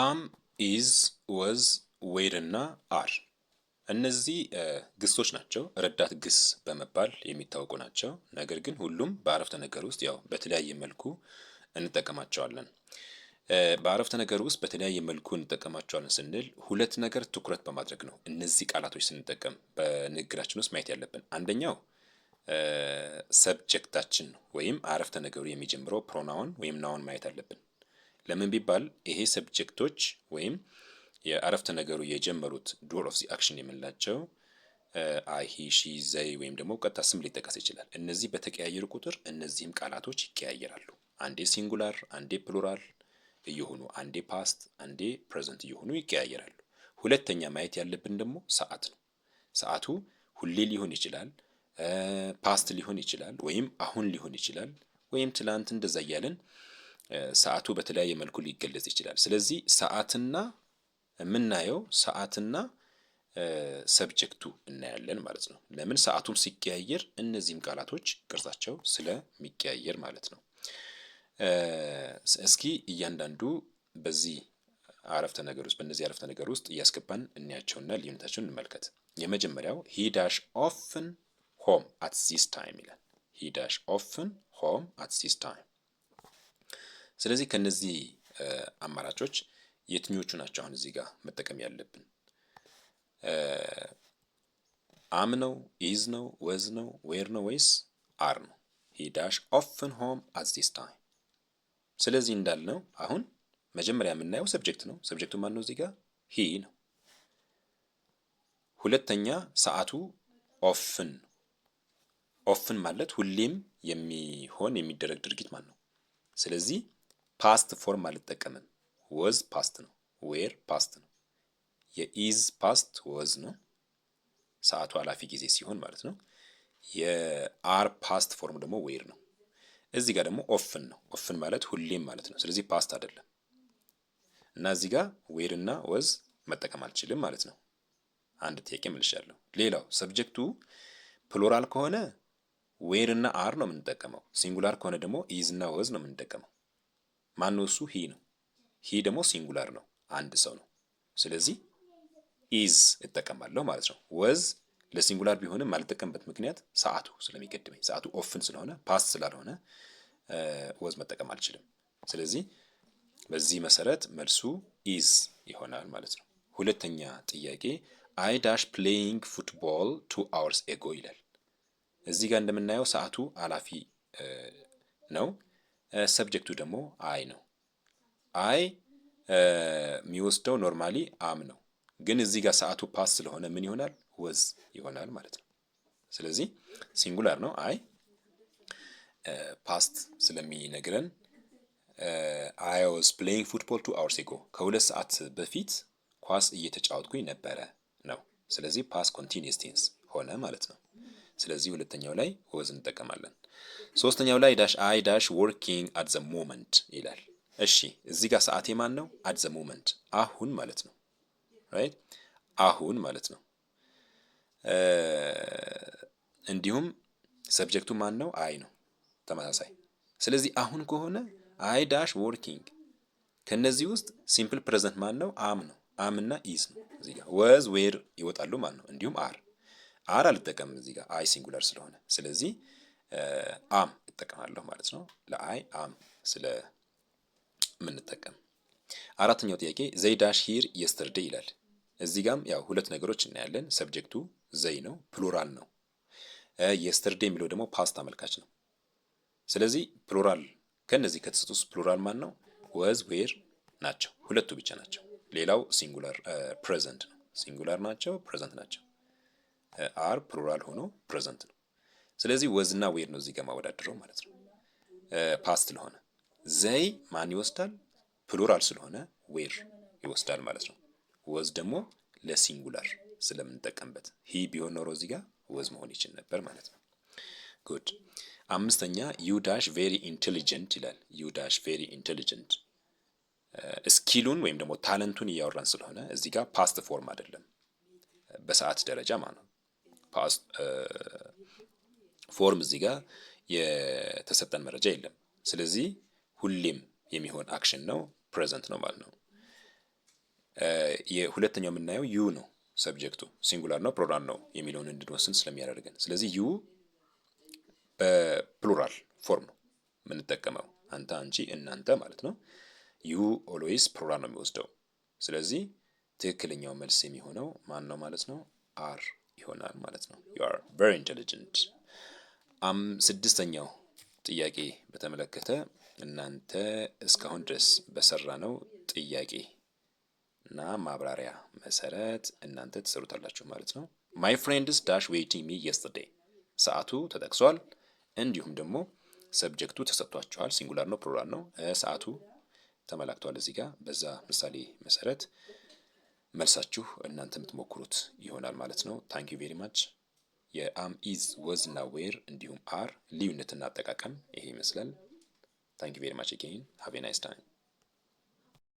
አም ኢዝ ወዝ ዌር እና አር እነዚህ ግሶች ናቸው። ረዳት ግስ በመባል የሚታወቁ ናቸው። ነገር ግን ሁሉም በአረፍተ ነገር ውስጥ ያው በተለያየ መልኩ እንጠቀማቸዋለን። በአረፍተ ነገር ውስጥ በተለያየ መልኩ እንጠቀማቸዋለን ስንል ሁለት ነገር ትኩረት በማድረግ ነው። እነዚህ ቃላቶች ስንጠቀም በንግግራችን ውስጥ ማየት ያለብን አንደኛው ሰብጀክታችን ወይም አረፍተ ነገሩ የሚጀምረው ፕሮናውን ወይም ናውን ማየት አለብን። ለምን ቢባል ይሄ ሰብጀክቶች ወይም የአረፍተ ነገሩ የጀመሩት ዶር ኦፍ ዚ አክሽን የምንላቸው አይ ሂ ሺ ዘይ ወይም ደግሞ ቀጥታ ስም ሊጠቀስ ይችላል። እነዚህ በተቀያየሩ ቁጥር እነዚህም ቃላቶች ይቀያየራሉ። አንዴ ሲንጉላር፣ አንዴ ፕሉራል እየሆኑ አንዴ ፓስት፣ አንዴ ፕሬዘንት እየሆኑ ይቀያየራሉ። ሁለተኛ ማየት ያለብን ደግሞ ሰዓት ነው። ሰዓቱ ሁሌ ሊሆን ይችላል፣ ፓስት ሊሆን ይችላል፣ ወይም አሁን ሊሆን ይችላል፣ ወይም ትላንት እንደዛ እያለን ሰዓቱ በተለያየ መልኩ ሊገለጽ ይችላል። ስለዚህ ሰዓትና የምናየው ሰዓትና ሰብጀክቱ እናያለን ማለት ነው። ለምን ሰዓቱም ሲቀያየር እነዚህም ቃላቶች ቅርጻቸው ስለሚቀያየር ማለት ነው። እስኪ እያንዳንዱ በዚህ አረፍተ ነገር ውስጥ በእነዚህ አረፍተ ነገር ውስጥ እያስገባን እናያቸውና ልዩነታቸውን እንመልከት። የመጀመሪያው ሂ ዳሽ ኦፍን ሆም አት ዚስ ታይም ይላል። ሂ ዳሽ ኦፍን ሆም አት ዚስ ታይም ስለዚህ ከነዚህ አማራጮች የትኞቹ ናቸው አሁን እዚህ ጋር መጠቀም ያለብን? አም ነው፣ ኢዝ ነው፣ ወዝ ነው፣ ዌር ነው ወይስ አር ነው? ሂ ዳሽ ኦፍን ሆም አት ዚስ ታይም። ስለዚህ እንዳልነው አሁን መጀመሪያ የምናየው ሰብጀክት ነው። ሰብጀክቱ ማን ነው? እዚህ ጋር ሂ ነው። ሁለተኛ ሰዓቱ ኦፍን ኦፍን ማለት ሁሌም የሚሆን የሚደረግ ድርጊት ማለት ነው። ስለዚህ ፓስት ፎርም አልጠቀምም። ወዝ ፓስት ነው። ዌር ፓስት ነው። የኢዝ ፓስት ወዝ ነው፣ ሰዓቱ አላፊ ጊዜ ሲሆን ማለት ነው። የአር ፓስት ፎርም ደግሞ ዌር ነው። እዚህ ጋር ደግሞ ኦፍን ነው። ኦፍን ማለት ሁሌም ማለት ነው። ስለዚህ ፓስት አይደለም እና እዚህ ጋር ዌር እና ወዝ መጠቀም አልችልም ማለት ነው። አንድ ጥያቄ መልሻለሁ። ሌላው ሰብጀክቱ ፕሎራል ከሆነ ዌር እና አር ነው የምንጠቀመው። ሲንጉላር ከሆነ ደግሞ ኢዝ እና ወዝ ነው የምንጠቀመው። ማነው እሱ? ሂ ነው። ሂ ደግሞ ሲንጉላር ነው፣ አንድ ሰው ነው። ስለዚህ ኢዝ እጠቀማለሁ ማለት ነው። ወዝ ለሲንጉላር ቢሆንም ማልጠቀምበት ምክንያት ሰዓቱ ስለሚገድመኝ ሰዓቱ ኦፍን ስለሆነ ፓስት ስላልሆነ ወዝ መጠቀም አልችልም። ስለዚህ በዚህ መሰረት መልሱ ኢዝ ይሆናል ማለት ነው። ሁለተኛ ጥያቄ አይ ዳሽ ፕሌይንግ ፉትቦል ቱ አወርስ ኤጎ ይላል። እዚህ ጋር እንደምናየው ሰዓቱ አላፊ ነው። ሰብጀክቱ ደግሞ አይ ነው። አይ የሚወስደው ኖርማሊ አም ነው፣ ግን እዚህ ጋር ሰዓቱ ፓስ ስለሆነ ምን ይሆናል? ወዝ ይሆናል ማለት ነው። ስለዚህ ሲንጉላር ነው አይ ፓስት ስለሚነግረን አይ ዋዝ ፕሌይንግ ፉትቦል ቱ አወርስ ጎ ከሁለት ሰዓት በፊት ኳስ እየተጫወትኩኝ ነበረ ነው። ስለዚህ ፓስ ኮንቲኒየስ ቴንስ ሆነ ማለት ነው። ስለዚህ ሁለተኛው ላይ ወዝ እንጠቀማለን። ሶስተኛው ላይ ዳሽ አይ ዳሽ ወርኪንግ አት ዘ ሞመንት ይላል። እሺ እዚህ ጋር ሰዓቴ ማን ነው? አት ዘ ሞመንት አሁን ማለት ነው። ራይት አሁን ማለት ነው። እንዲሁም ሰብጀክቱ ማን ነው? አይ ነው። ተመሳሳይ ስለዚህ አሁን ከሆነ አይ ዳሽ ወርኪንግ ከነዚህ ውስጥ ሲምፕል ፕሬዘንት ማን ነው? አም ነው። አም እና ኢዝ ነው። እዚህ ጋር ወዝ ዌር ይወጣሉ ማለት ነው። እንዲሁም አር አር አልጠቀምም እዚህ ጋር አይ ሲንጉለር ስለሆነ፣ ስለዚህ አም እጠቀማለሁ ማለት ነው። ለአይ አም ምንጠቀም። አራተኛው ጥያቄ ዘይ ዳሽ ሂር የስተርዴ ይላል። እዚህ ጋም ያው ሁለት ነገሮች እናያለን። ሰብጀክቱ ዘይ ነው፣ ፕሉራል ነው። የስተርዴ የሚለው ደግሞ ፓስት አመልካች ነው። ስለዚህ ፕሉራል ከነዚህ ከተሰጡ ውስጥ ፕሉራል ማን ነው? ወዝ ዌር ናቸው፣ ሁለቱ ብቻ ናቸው። ሌላው ሲንጉላር ፕሬዘንት ነው። ሲንጉላር ናቸው፣ ፕሬዘንት ናቸው። አር ፕሉራል ሆኖ ፕሬዘንት ነው። ስለዚህ ወዝና ዌር ነው እዚህ ጋር ማወዳደረው ማለት ነው። ፓስት ስለሆነ ዘይ ማን ይወስዳል? ፕሉራል ስለሆነ ዌር ይወስዳል ማለት ነው። ወዝ ደግሞ ለሲንጉላር ስለምንጠቀምበት ሂ ቢሆን ኖሮ እዚህ ጋር ወዝ መሆን ይችል ነበር ማለት ነው። ጉድ አምስተኛ ዩ ዳሽ ቬሪ ኢንቴሊጀንት ይላል። ዩ ዳሽ ቬሪ ኢንቴሊጀንት ስኪሉን ወይም ደግሞ ታለንቱን እያወራን ስለሆነ እዚህ ጋር ፓስት ፎርም አይደለም፣ በሰዓት ደረጃ ማለት ነው። ፎርም እዚህ ጋር የተሰጠን መረጃ የለም። ስለዚህ ሁሌም የሚሆን አክሽን ነው ፕሬዘንት ነው ማለት ነው። የሁለተኛው የምናየው ዩ ነው ሰብጀክቱ ሲንጉላር ነው ፕሉራል ነው የሚለውን እንድንወስን ስለሚያደርገን፣ ስለዚህ ዩ በፕሉራል ፎርም ነው የምንጠቀመው አንተ፣ አንቺ፣ እናንተ ማለት ነው። ዩ ኦልዌይስ ፕሉራል ነው የሚወስደው። ስለዚህ ትክክለኛው መልስ የሚሆነው ማን ነው ማለት ነው? አር ይሆናል ማለት ነው። you are very አም um, ስድስተኛው ጥያቄ በተመለከተ እናንተ እስካሁን ድረስ በሰራ ነው ጥያቄ እና ማብራሪያ መሰረት እናንተ ትሰሩታላችሁ ማለት ነው። ማይ ፍሬንድስ ዳሽ waiting ሚ yesterday ሰዓቱ ተጠቅሷል። እንዲሁም ደግሞ ሰብጀክቱ ተሰጥቷቸዋል። ሲንጉላር ነው ፕሉራል ነው። ሰዓቱ ተመላክቷል እዚህ ጋር በዛ ምሳሌ መሰረት መልሳችሁ እናንተ የምትሞክሩት ይሆናል ማለት ነው። ታንክ ዩ ቬሪ ማች። የአም ኢዝ ወዝ እና ዌር እንዲሁም አር ልዩነትና አጠቃቀም ይሄ ይመስላል። ታንክ ዩ ቬሪ ማች አጌን ሃቭ ናይስ ታይም።